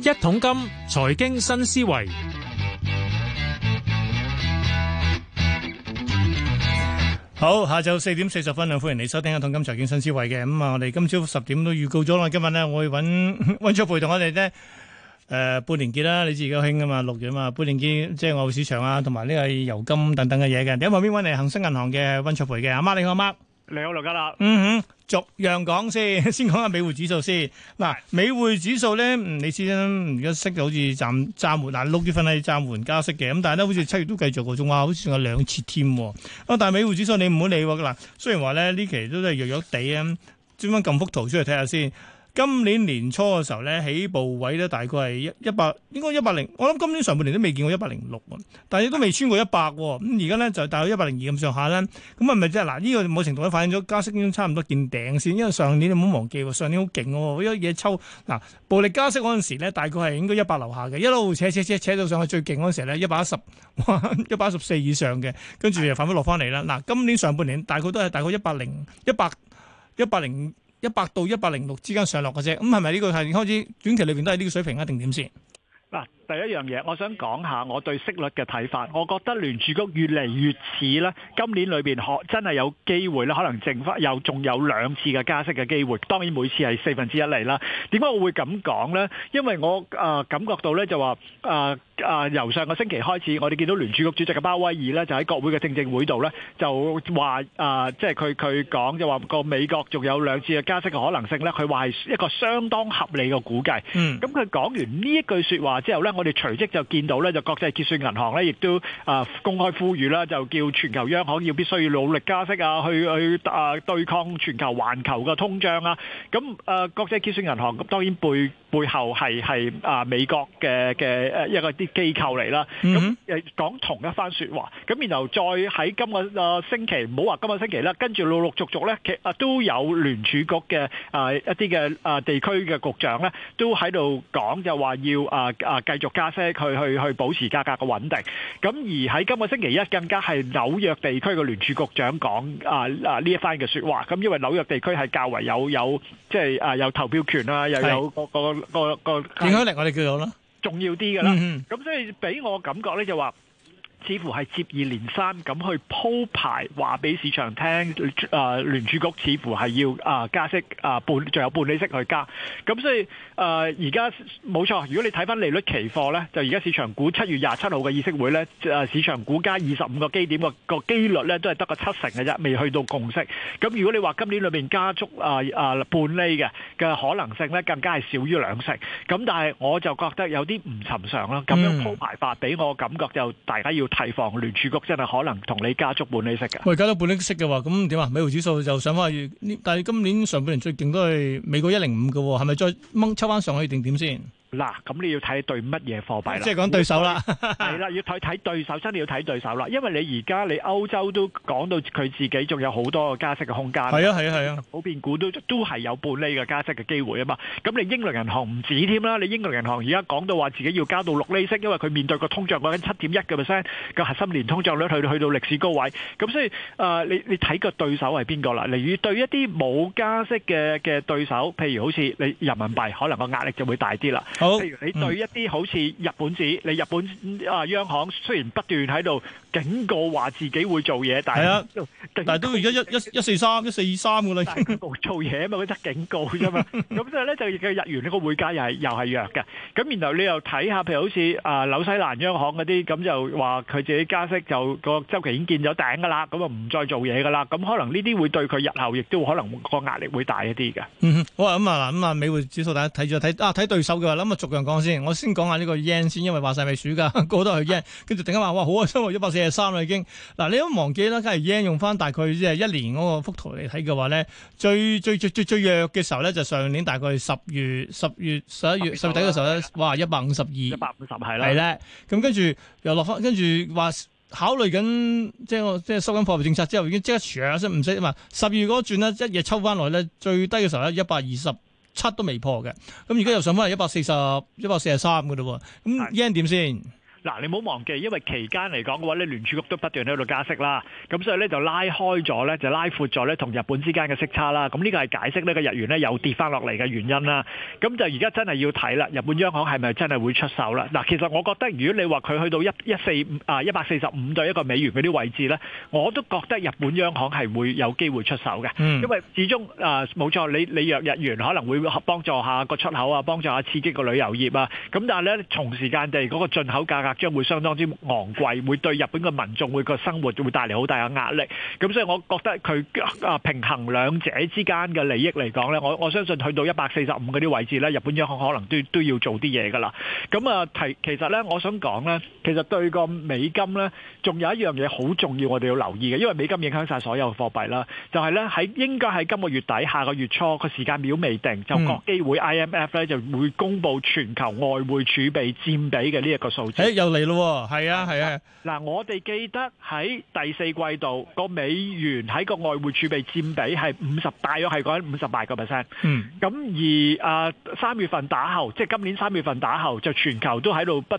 一桶金財經新思維，好，下晝四點四十分，歡迎你收聽一桶金財經新思維嘅。咁啊，我哋今朝十點都預告咗啦。今日咧，我會揾溫灼培同我哋咧，誒，半年結啦，你自己好興噶嘛，六月嘛，半年結即係外匯市場啊，同埋呢個油金等等嘅嘢嘅。喺旁邊揾嚟恒生銀行嘅溫灼培嘅，阿媽你好，阿媽，你好劉家樂，嗯哼。逐樣講先，先講下美匯指數先。嗱，美匯指數咧、嗯，你先。而家息到好似暫暫緩，嗱、啊、六月份係暫緩加息嘅。咁但係咧，好似七月都繼續過，仲話好似仲有兩次添。啊，但係美匯指數你唔好理。嗱、啊，雖然話咧呢期都係弱弱地啊，轉翻咁幅圖出嚟睇下先。今年年初嘅時候咧，起步位咧大概係一一百，應該一百零。我諗今年上半年都未見過一百零六喎，但係都未穿過一百。咁而家咧就大概一百零二咁上下啦。咁係咪即係嗱，呢個某程度都反映咗加息已經差唔多見頂先，因為上年你唔好忘記喎，上年好勁喎，好多嘢抽嗱，暴力加息嗰陣時咧，大概係應該一百樓下嘅，一路扯扯扯扯到上去最勁嗰陣時咧，一百一十，一百一十四以上嘅，跟住反覆落翻嚟啦。嗱，今年上半年大概都係大概一百零一百一百零。一百到一百零六之間上落嘅啫。咁係咪呢個係開始短期裏邊都係呢個水平啊，定點先？第一樣嘢，我想講下我對息率嘅睇法。我覺得聯儲局越嚟越似咧，今年裏邊可真係有機會咧，可能剩翻又仲有兩次嘅加息嘅機會。當然每次係四分之一釐啦。點解我會咁講咧？因為我啊感覺到咧就話啊啊由上個星期開始，我哋見到聯儲局主席嘅鮑威爾咧就喺國會嘅聽證會度咧就話啊即係佢佢講就話個美國仲有兩次嘅加息嘅可能性咧，佢話係一個相當合理嘅估計。嗯，咁佢講完呢一句説話之後咧，我。我哋隨即就見到咧，就國際結算銀行咧，亦都啊公開呼籲啦，就叫全球央行要必須要努力加息啊，去去啊對抗全球環球嘅通脹啊。咁誒國際結算銀行咁當然背背後係係啊美國嘅嘅一個一啲機構嚟啦。咁誒講同一番説話。咁然後再喺今個啊星期，唔好話今個星期啦，跟住陸陸續續咧，其啊都有聯儲局嘅啊一啲嘅啊地區嘅局長咧，都喺度講就話要啊啊繼續加息，佢去去保持價格嘅穩定。咁而喺今個星期一，更加係紐約地區嘅聯儲局長講啊啊呢一番嘅說話。咁因為紐約地區係較為有有即係啊有投票權啦，又有個個個個影響力，我哋叫做啦重要啲㗎啦。咁所以俾我感覺咧就話。似乎係接二連三咁去鋪排話俾市場聽，誒、呃、聯儲局似乎係要誒、呃、加息誒半，仲、呃、有半厘息去加。咁所以誒而家冇錯，如果你睇翻利率期貨咧，就而家市場估七月廿七號嘅議息會咧，誒、呃、市場估加二十五個基點個個機率咧，都係得個七成嘅啫，未去到共識。咁如果你話今年裏面加足誒誒半厘嘅嘅可能性咧，更加係少於兩成。咁但係我就覺得有啲唔尋常啦。咁樣鋪排法俾我嘅感覺就大家要提防聯儲局真係可能同你加足半厘息嘅，我哋加咗半厘息嘅話，咁點啊？美匯指數就上翻去，但係今年上半年最勁都係美國一零五嘅喎，係咪再掹抽翻上去定點先？嗱，咁你要睇對乜嘢貨幣啦？即係講對手啦，係啦，要睇睇對手，真係你要睇對手啦。因為你而家你歐洲都講到佢自己仲有好多個加息嘅空間。係啊，係啊，係啊，普遍股都都係有半厘嘅加息嘅機會啊嘛。咁你英倫銀行唔止添啦，你英倫銀行而家講到話自己要加到六厘息，因為佢面對個通脹率緊七點一嘅 percent 個核心年通脹率去去到歷史高位。咁所以誒，你你睇個對手係邊個啦？例如對一啲冇加息嘅嘅對手，譬如好似你人民幣，可能個壓力就會大啲啦。譬如你對一啲好似日本紙，你日本啊央行雖然不斷喺度警告話自己會做嘢，但係都而家一一四三一四三嘅啦。但係佢冇做嘢啊嘛，嗰隻警告啫嘛。咁所以咧就嘅日元呢個匯價又係又係弱嘅。咁然後你又睇下，譬如好似啊紐西蘭央行嗰啲，咁就話佢自己加息就個週期已經見咗頂㗎啦，咁啊唔再做嘢㗎啦。咁可能呢啲會對佢日後亦都可能個壓力會大一啲嘅。嗯，好啊咁啊嗱咁啊美匯指數，大家睇住睇啊睇對手嘅話諗。我逐樣講先，我先講下呢個 yen 先，因為話曬尾鼠噶，過多係 yen，跟住突然間話哇，好啊，收喎，一百四十三啦已經。嗱，你都忘記啦，梗係 yen 用翻大概即係一年嗰個幅圖嚟睇嘅話咧，最最最最最弱嘅時候咧，就是、上年大概十月、月月十月十一月十月底嘅時候咧，的哇，一百五十二，一百五十係啦，係咧。咁跟住又落翻，跟住話考慮緊，即係即係收緊貨幣政策之後，已經即刻 short 唔使啊嘛。十二嗰轉咧，一夜抽翻來咧，最低嘅時候咧，一百二十。七都未破嘅，咁而家又上返係一百四十一百四十三嘅嘞喎，咁 yen 點先？嗱，你唔好忘記，因為期間嚟講嘅話咧，聯儲局都不斷喺度加息啦，咁所以咧就拉開咗咧，就拉闊咗咧同日本之間嘅息差啦。咁呢個係解釋呢個日元咧又跌翻落嚟嘅原因啦。咁就而家真係要睇啦，日本央行係咪真係會出手啦？嗱，其實我覺得如果你話佢去到一一四啊一百四十五對一個美元嗰啲位置咧，我都覺得日本央行係會有機會出手嘅，因為始終啊冇錯，你你弱日元可能會幫助下個出口啊，幫助下刺激個旅遊業啊。咁但係咧，同時間地嗰個進口價格，將會相當之昂貴，會對日本嘅民眾會個生活會帶嚟好大嘅壓力。咁所以，我覺得佢啊平衡兩者之間嘅利益嚟講咧，我我相信去到一百四十五嗰啲位置咧，日本央行可能都都要做啲嘢㗎喇。咁啊提其實咧，我想講咧，其實對個美金咧，仲有一樣嘢好重要，我哋要留意嘅，因為美金影響曬所有貨幣啦。就係咧喺應該喺今個月底、下個月初個時間表未定，就國機會 IMF 咧就會公佈全球外匯儲備佔比嘅呢一個數字。又嚟咯，係啊係啊。嗱，我哋記得喺第四季度個美元喺個外匯儲備佔比係五十，大約係講緊五十八個 percent。嗯。咁而啊，三月份打後，即係今年三月份打後，就全球都喺度不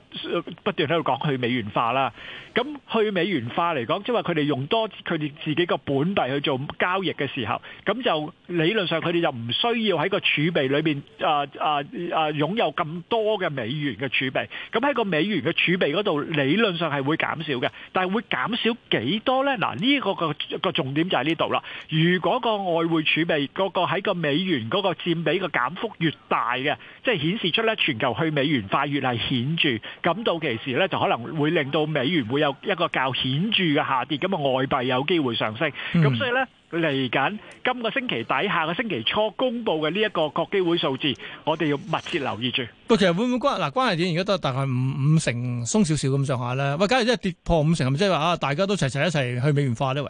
不斷喺度講去美元化啦。咁去美元化嚟講，即係話佢哋用多佢哋自己個本幣去做交易嘅時候，咁就理論上佢哋就唔需要喺個儲備裏邊啊啊啊擁有咁多嘅美元嘅儲備。咁喺個美元嘅儲儲備嗰度理論上係會減少嘅，但係會減少幾多呢？嗱， 呢個個個重點就喺呢度啦。如果個外匯儲備個個喺個美元嗰個佔比個減幅越大嘅，即係顯示出咧全球去美元化越係顯著，咁到期時咧就可能會令到美元會有一個較顯著嘅下跌，咁啊外幣有機會上升，咁所以咧。嚟緊今個星期底、下個星期初公布嘅呢一個國基會數字，我哋要密切留意住。嗱，其實會唔會關嗱關係點？而家都大概五五成鬆少少咁上下啦。喂，假如真係跌破五成，係咪即係話啊？大家都齊齊一齊去美元化咧？喂，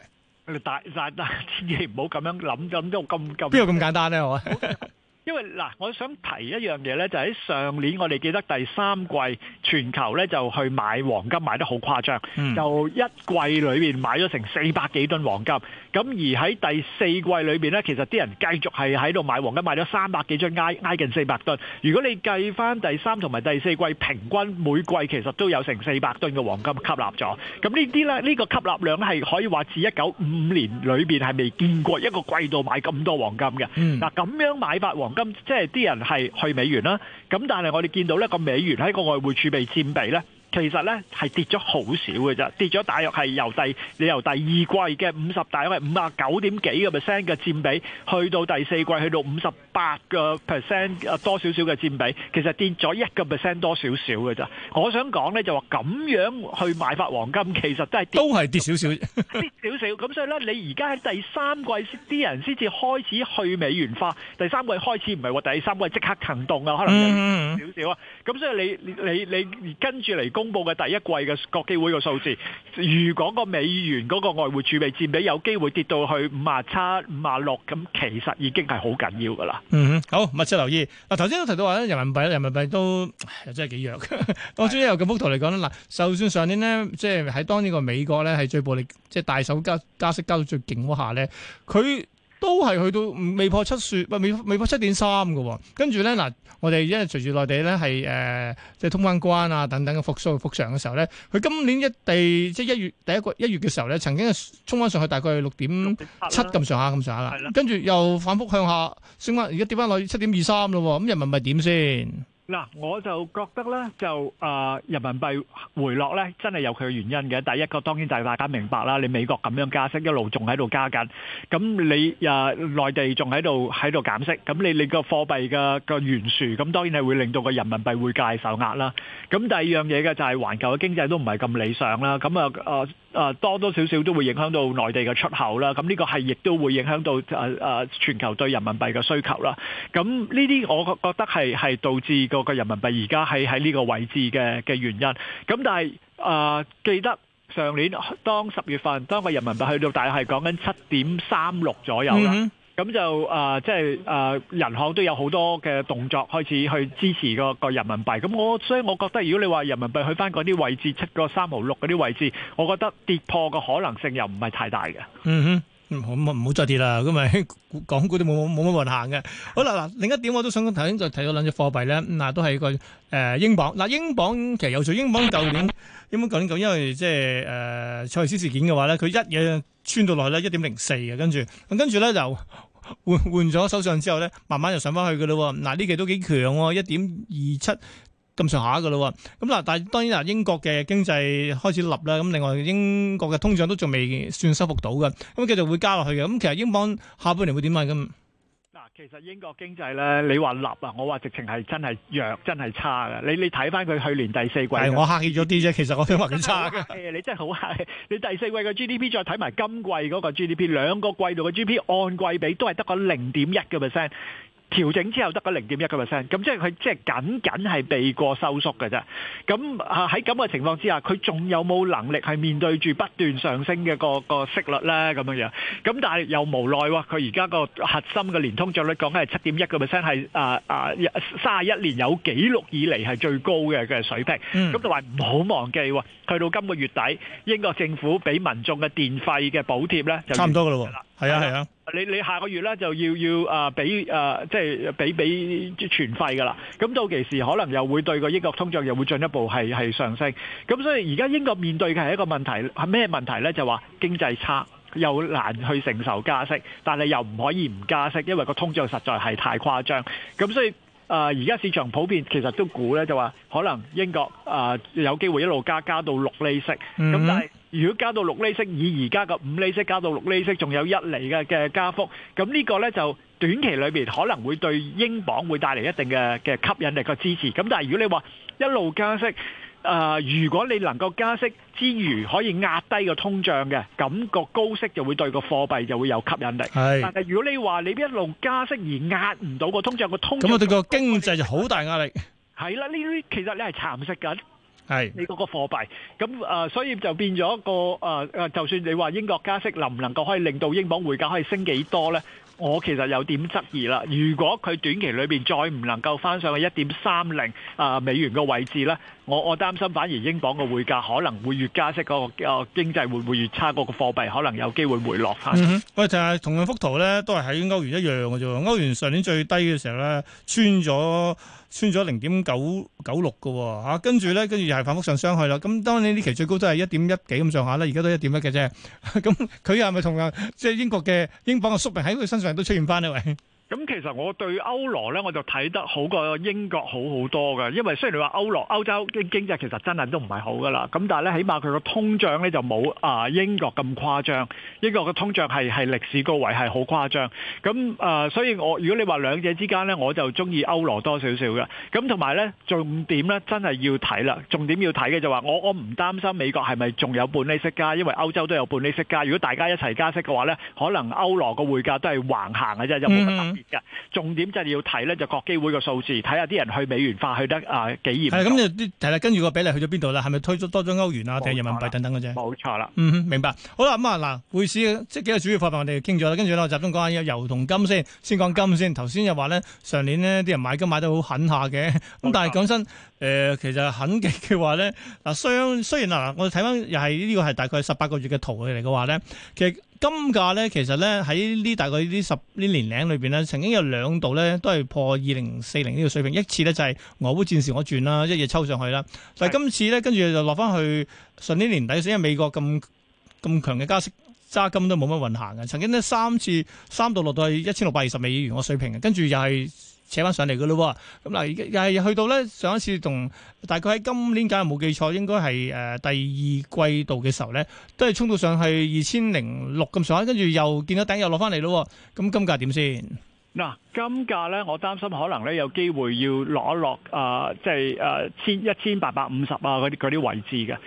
但但但！千祈唔好咁樣諗諗到咁咁。邊有咁簡單咧？我因為嗱，我想提一樣嘢咧，就喺上年我哋記得第三季全球咧就去買黃金買得好誇張，就一季裏邊買咗成四百幾噸黃金。咁而喺第四季裏邊呢，其實啲人繼續係喺度買黃金，買咗三百幾張，挨挨近四百噸。如果你計翻第三同埋第四季平均每季，其實都有成四百噸嘅黃金吸納咗。咁呢啲呢，呢、呢個吸納量係可以話自一九五五年裏邊係未見過一個季度買咁多黃金嘅。嗱咁、嗯、樣買法黃金，即係啲人係去美元啦。咁但係我哋見到呢個美元喺個外匯儲備佔比呢。其實咧係跌咗好少嘅咋，跌咗大約係由第由第二季嘅五十大因為五啊九點幾個 percent 嘅佔比，去到第四季去到五十八個 percent 啊多少少嘅佔比，其實跌咗一個 percent 多少少嘅咋。我想講咧就話咁樣去買發黃金，其實都係都係跌少少，跌少少。咁所以咧，你而家喺第三季啲人先至開始去美元化，第三季開始唔係話，第三季即刻行動啊，可能少少啊。咁、嗯嗯、所以你你你，你，你跟住嚟公布嘅第一季嘅國基會嘅數字，如果個美元嗰個外匯儲備佔比有機會跌到去五啊七、五啊六，咁其實已經係好緊要㗎喇。嗯，好，密切留意。嗱，頭先都提到話人民幣人民幣都真係幾弱。 我最由個幅圖嚟講咧，嗱，就算上年呢，即係喺當呢個美國咧係最暴力，即係大手加加息加到最勁嗰下咧，佢。都係去到未破七雪，唔係未未破七點三嘅喎、哦。跟住咧嗱，我哋因為隨住內地咧係誒即係通翻關啊等等嘅復甦復常嘅時候咧，佢今年一地即係一月第一個一月嘅時候咧，曾經係衝翻上去大概六點七咁上下咁上下啦。跟住又反覆向下升翻，而家跌翻落七點二三咯。咁人民幣點先？嗱，我就覺得咧，就啊，人民幣回落咧，真係有佢嘅原因嘅。第一個當然就係大家明白啦，你美國咁樣加息一路仲喺度加緊，咁你啊內地仲喺度喺度減息，咁你你個貨幣嘅個懸殊，咁當然係會令到個人民幣會受壓啦。咁第二樣嘢嘅就係環球嘅經濟都唔係咁理想啦，咁啊啊啊多多少少都會影響到內地嘅出口啦。咁呢個係亦都會影響到啊啊全球對人民幣嘅需求啦。咁呢啲我覺得係係導致個人民幣而家喺喺呢個位置嘅嘅原因。咁但係啊、呃、記得上年當十月份當個人民幣去到，大約係講緊七點三六左右啦，咁就啊即係啊，銀、呃、行都有好多嘅動作開始去支持個個人民幣。咁我所以我覺得，如果你話人民幣去翻嗰啲位置七個三毫六嗰啲位置，我覺得跌破個可能性又唔係太大嘅。嗯哼、mm。Hmm. 唔好唔好再跌啦，咁咪港股都冇冇冇乜運行嘅。好啦，嗱，另一點我想，嗯、都想頭先就睇到兩隻貨幣咧，嗱都係一個誒、呃、英鎊。嗱英鎊其實有趣，英鎊舊年英鎊舊年咁，因為即係誒塞斯事件嘅話咧，佢一嘢穿到落去咧一點零四嘅，跟住咁跟住咧就換換咗手上之後咧，慢慢就上翻去嘅咯。嗱呢期都幾強，一點二七。咁上下噶咯喎，咁嗱，但係當然啦，英國嘅經濟開始立啦，咁另外英國嘅通脹都仲未算收復到嘅，咁繼續會加落去嘅，咁其實英鎊下半年會點啊咁？嗱，其實英國經濟咧，你話立啊，我話直情係真係弱，真係差嘅。你你睇翻佢去年第四季，係我客氣咗啲啫，其實我都話佢差嘅。你真係好客氣，你第四季嘅 GDP 再睇埋今季嗰個 GDP，兩個季度嘅 GDP 按季比都係得個零點一嘅 percent。調整之後得個零點一個 percent，咁即係佢即係僅僅係避過收縮嘅啫。咁啊喺咁嘅情況之下，佢仲有冇能力係面對住不斷上升嘅個個息率咧？咁樣樣咁，但係又無奈喎。佢而家個核心嘅年通脹率講緊係七點一個 percent，係啊啊三十一年有紀錄以嚟係最高嘅嘅水平。咁就話唔好忘記喎，去到今個月底，英國政府俾民眾嘅電費嘅補貼咧就差唔多㗎啦。係啊係啊，啊啊你你下個月咧就要要啊俾啊即係俾俾全費噶啦，咁到期時可能又會對個英國通脹又會進一步係係上升，咁所以而家英國面對嘅係一個問題係咩問題咧？就話經濟差，又難去承受加息，但係又唔可以唔加息，因為個通脹實在係太誇張，咁所以啊而家市場普遍其實都估咧就話可能英國啊、呃、有機會一路加加到六厘息，咁但係。嗯如果加到六厘息，以而家嘅五厘息加到六厘息，仲有一厘嘅嘅加幅，咁呢個呢就短期裏邊可能會對英鎊會帶嚟一定嘅嘅吸引力嘅支持。咁但係如果你話一路加息，誒，如果你能夠加息之餘可以壓低個通脹嘅，感覺高息就會對個貨幣就會有吸引力。係。但係如果你話你一路加息而壓唔到個通脹，個通脹，咁對個經濟就好大壓力。係啦，呢啲其實你係蠶食緊。係你嗰個貨幣，咁啊，所以就變咗一個誒誒，就算你話英國加息能唔能夠可以令到英鎊匯價可以升幾多咧我其實有點質疑啦。如果佢短期裏邊再唔能夠翻上去一點三零啊美元個位置咧我我擔心反而英鎊個匯價可能會越加息個個經濟會唔會越差，嗰個貨幣可能有機會回落吓。喂，就係同樣幅圖咧都係喺歐元一樣嘅啫。歐元上年最低嘅時候咧，穿咗。穿咗零點九九六個吓，跟住咧，跟住又係反覆上昇去啦。咁當然呢期最高都係一點一幾咁上下啦，1. 1而家都一點一嘅啫。咁佢又係咪同樣即係英國嘅英鎊嘅宿命喺佢身上都出現翻啦喂。咁其實我對歐羅呢，我就睇得好過英國好好多嘅，因為雖然你話歐羅歐洲經經濟其實真係都唔係好㗎啦，咁但係咧起碼佢個通脹咧就冇啊、呃、英國咁誇張，英國嘅通脹係係歷史高位係好誇張，咁啊、呃、所以我如果你話兩者之間呢，我就中意歐羅多少少嘅，咁同埋呢，重點呢真係要睇啦，重點要睇嘅就話我我唔擔心美國係咪仲有半厘息加，因為歐洲都有半厘息加，如果大家一齊加息嘅話呢，可能歐羅個匯價都係橫行嘅啫，就冇乜特別、嗯。重點就係要睇咧，就國基會個數字，睇下啲人去美元化去得啊、呃、幾嚴。係咁，就啲係啦，跟住個比例去咗邊度啦？係咪推出多咗歐元啊？定人民幣等等嘅啫？冇錯啦。嗯哼，明白。好啦，咁啊嗱，匯市即係幾個主要貨幣我哋傾咗啦。跟住我集中講下有油同金先，先講金先。頭先又話咧，上年呢啲人買金買得好狠下嘅。咁但係冇錯講真，誒其實狠嘅話咧，嗱，雖雖然嗱，我睇翻又係呢個係大概十八個月嘅圖嚟嘅話咧，其實。金價咧，其實咧喺呢大概十年年呢十呢年齡裏邊咧，曾經有兩度咧都係破二零四零呢個水平，一次咧就係、是、俄烏戰事我轉啦，一夜抽上去啦。但係今次咧，跟住就落翻去上年年底先，因為美國咁咁強嘅加息揸金都冇乜運行嘅。曾經呢，三次三度落到去一千六百二十美元嘅水平，跟住又係。扯翻上嚟噶咯，咁嗱，而家又係去到咧上一次同大概喺今年，假如冇記錯，應該係誒、呃、第二季度嘅時候咧，都係衝到上去二千零六咁上下，跟住又見到頂又落翻嚟咯。咁今價點先？嗱，今價咧，我擔心可能咧有機會要落一落啊，即係誒千一千八百五十啊嗰啲嗰啲位置嘅。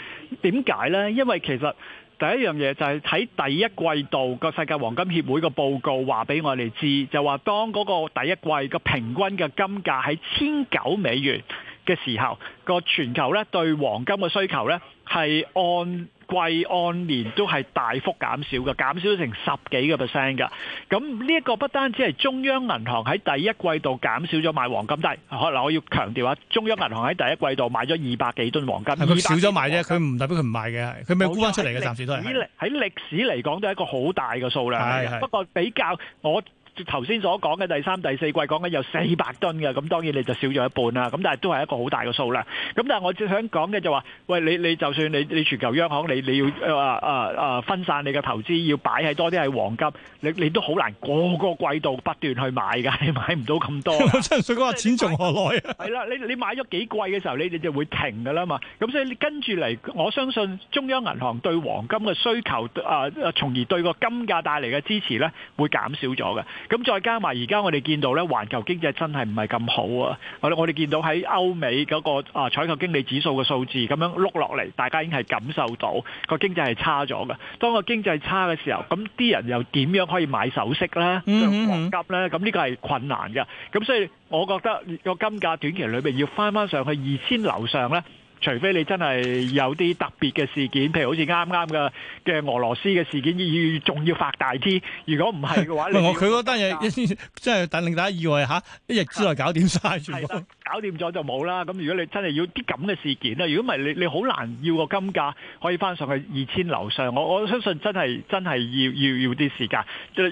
點解咧？因為其實。第一樣嘢就係睇第一季度個世界黃金協會個報告話俾我哋知，就話當嗰個第一季個平均嘅金價喺千九美元嘅時候，個全球咧對黃金嘅需求咧係按季按年都係大幅減少嘅，減少咗成十幾個 percent 嘅。咁呢一個不單止係中央銀行喺第一季度減少咗買黃金，但係可能我要強調啊，中央銀行喺第一季度買咗二百幾噸黃金，佢少咗買啫，佢唔代表佢唔買嘅，佢未沽翻出嚟嘅，暫時都係喺歷喺歷史嚟講都係一個好大嘅數量，的的不過比較我。頭先所講嘅第三、第四季講緊有四百噸嘅，咁當然你就少咗一半啦。咁但係都係一個好大嘅數啦。咁但係我只想講嘅就話，喂，你你就算你你全球央行你你要啊啊啊分散你嘅投資，要擺喺多啲係黃金，你你都好難個個季度不斷去買㗎，你買唔到咁多。所以講話錢從何來？係啦，你你買咗幾季嘅時候，你你就會停㗎啦嘛。咁所以跟住嚟，我相信中央銀行對黃金嘅需求啊，從而對個金價帶嚟嘅支持咧，會減少咗嘅。咁再加埋而家我哋見到呢環球經濟真係唔係咁好啊！我哋我哋見到喺歐美嗰個啊採購經理指數嘅數字咁樣碌落嚟，大家已經係感受到個經濟係差咗嘅。當個經濟差嘅時候，咁啲人又點樣可以買首飾呢？黃金咧？咁呢個係困難嘅。咁所以我覺得個金價短期裏邊要翻翻上去二千樓上呢。除非你真係有啲特別嘅事件，譬如好似啱啱嘅嘅俄羅斯嘅事件，要仲要發大啲。如果唔係嘅話，唔係我佢嗰單嘢，真係令令大家意外吓，一日之內搞掂晒全部。搞掂咗就冇啦。咁如果你真係要啲咁嘅事件咧，如果唔係你你好難要個金價可以翻上去二千樓上。我我相信真係真係要要要啲時間。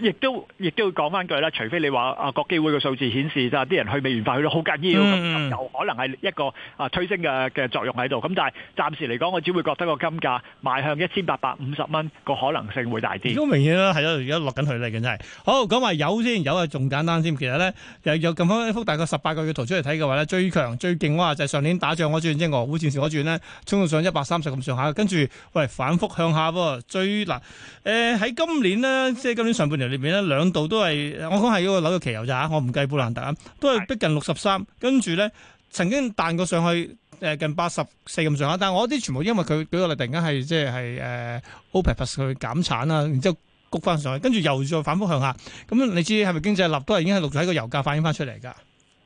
亦都亦都要講翻句啦，除非你話啊，國基會嘅數字顯示啫，啲人去美元化去到好緊要，嗯、有可能係一個啊推升嘅嘅作用喺度。咁但係暫時嚟講，我只會覺得個金價邁向一千八百五十蚊個可能性會大啲。好明顯啦，係咯，而家落緊去啦，緊係。好，講埋油先，油啊，仲簡單先。其實呢，有有近翻一幅大概十八個月圖出嚟睇嘅話最強最勁哇！就係上年打仗嗰轉，即係俄烏戰事嗰轉咧，衝到上一百三十咁上下。跟住，喂，反覆向下。最難，誒、呃、喺今年咧，即係今年上半年裏邊咧，兩度都係我講係個紐約期油咋，我唔計布蘭特啊，都係逼近六十三。跟住咧，曾經彈過上去誒，近八十四咁上下。但係我啲全部因為佢嗰個嚟，突然間係即係誒，OPEC 去減產啦，然之後谷翻上去，跟住又再反覆向下。咁你知係咪經濟立都係已經係錄咗喺個油價反映翻出嚟噶？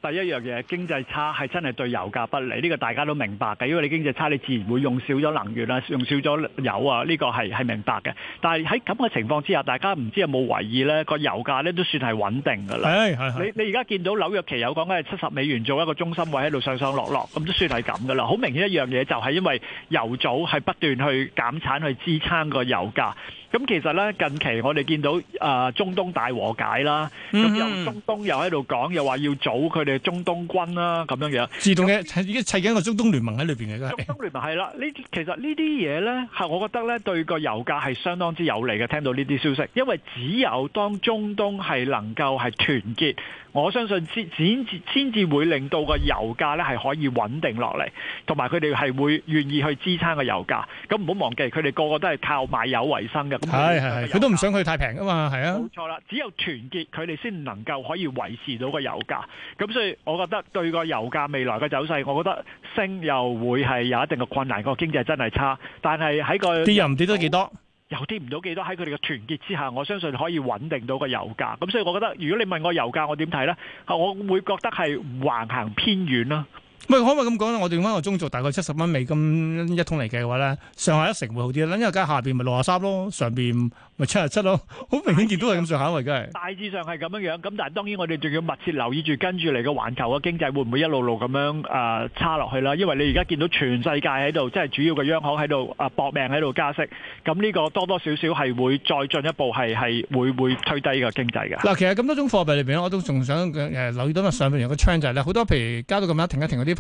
第一樣嘢經濟差係真係對油價不利，呢個大家都明白嘅。因為你經濟差，你自然會用少咗能源啊，用少咗油啊。呢個係係明白嘅。但係喺咁嘅情況之下，大家唔知有冇懷疑呢？個油價呢都算係穩定嘅啦。 你你而家見到紐約期油講緊係七十美元做一個中心位喺度上上落落，咁都算係咁嘅啦。好明顯一樣嘢就係因為油組係不斷去減產去支撐個油價。咁其實咧，近期我哋見到啊、呃，中東大和解啦，咁由、嗯、哼中東又喺度講，又話要組佢哋中東軍啦、啊，咁樣樣。自動嘅那已經砌緊個中東聯盟喺裏邊嘅都係。中東聯盟係啦，呢其實呢啲嘢咧，係我覺得咧，對個油價係相當之有利嘅。聽到呢啲消息，因為只有當中東係能夠係團結。我相信先先先至會令到個油價咧係可以穩定落嚟，同埋佢哋係會願意去支撐個油價。咁唔好忘記，佢哋個個都係靠賣油為生嘅。咁係係，佢價都唔想去太平㗎嘛，係啊。冇錯啦，只有團結，佢哋先能夠可以維持到個油價。咁所以我覺得對個油價未來嘅走勢，我覺得升又會係有一定嘅困難。個經濟真係差，但係喺個跌又唔跌得幾多。有跌唔到幾多喺佢哋嘅團結之下，我相信可以穩定到個油價。咁、嗯、所以我覺得，如果你問我油價，我點睇咧，我會覺得係橫行偏遠啦。唔係可唔可以咁講咧？我哋翻個中軸大概七十蚊美金一桶嚟計嘅話咧，上下一成會好啲啦。因為家下邊咪六啊三咯，上邊咪七啊七咯，好明顯見到係咁上下嘅，梗係。大致上係咁樣樣，咁但係當然我哋仲要密切留意住跟住嚟個環球嘅經濟會唔會一路路咁樣誒差落去啦？因為你而家見到全世界喺度，即係主要嘅央行喺度誒搏命喺度加息，咁呢個多多少少係會再進一步係係會會推低呢個經濟㗎。嗱，其實咁多種貨幣裏邊，我都仲想誒留意到咪上邊有個 trend 就係咧，好多譬如加到咁樣停一停嗰啲。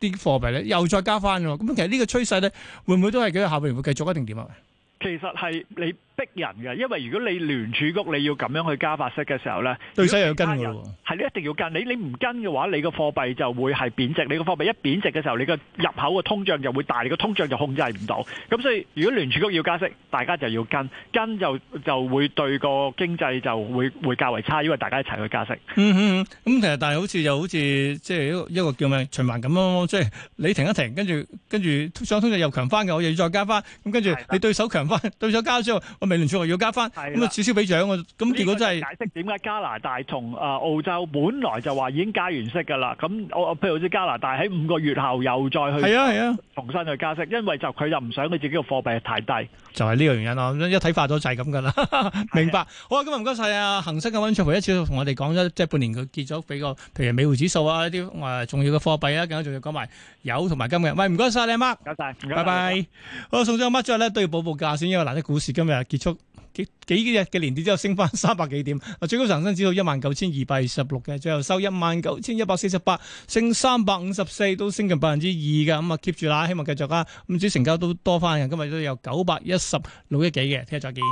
啲貨幣咧又再加返喎，咁其實呢個趨勢咧會唔會都係幾個下半年會繼續，定點啊？其實係你。逼人嘅，因為如果你聯儲局你要咁樣去加法息嘅時候咧，對手又要跟嘅喎，係你一定要跟，你你唔跟嘅話，你個貨幣就會係貶值，你個貨幣一貶值嘅時候，你個入口嘅通脹就會大，你個通脹就控制唔到。咁所以如果聯儲局要加息，大家就要跟，跟就就會對個經濟就會會較為差，因為大家一齊去加息。嗯嗯，咁其實但係好似又好似即係一個叫咩循環咁咯，即係你停一停，跟住跟住上通脹又強翻嘅，我又要再加翻，咁跟住你對手強翻，的 對手加咗之後。美聯儲話要加翻咁啊，少少俾獎啊！咁結果真係解釋點解加拿大同啊澳洲本來就話已經加完息㗎啦。咁我譬如好似加拿大喺五個月後又再去係啊係啊，重新去加息，啊啊、因為就佢就唔想佢自己個貨幣太低，就係呢個原因咯。一體化咗就係咁㗎啦。 明白。好啊，好今日唔該晒啊，恒生嘅溫灼培一次同我哋講咗，即係半年佢結咗俾個，譬如美匯指數啊一啲重要嘅貨幣啊，更加重要講埋油，同埋金嘅。喂，唔該晒你阿媽，唔該曬，拜拜。好，送咗阿媽今日呢都要補補價先，因為藍色股市今日結出幾幾日嘅連跌之後升翻三百幾點啊，最高上升至到一萬九千二百二十六嘅，最後收一萬九千一百四十八，升三百五十四，都升近百分之二嘅。咁啊，keep 住啦，希望繼續啦。咁，至成交都多翻嘅，今日都有九百一十六億幾嘅，聽日再見。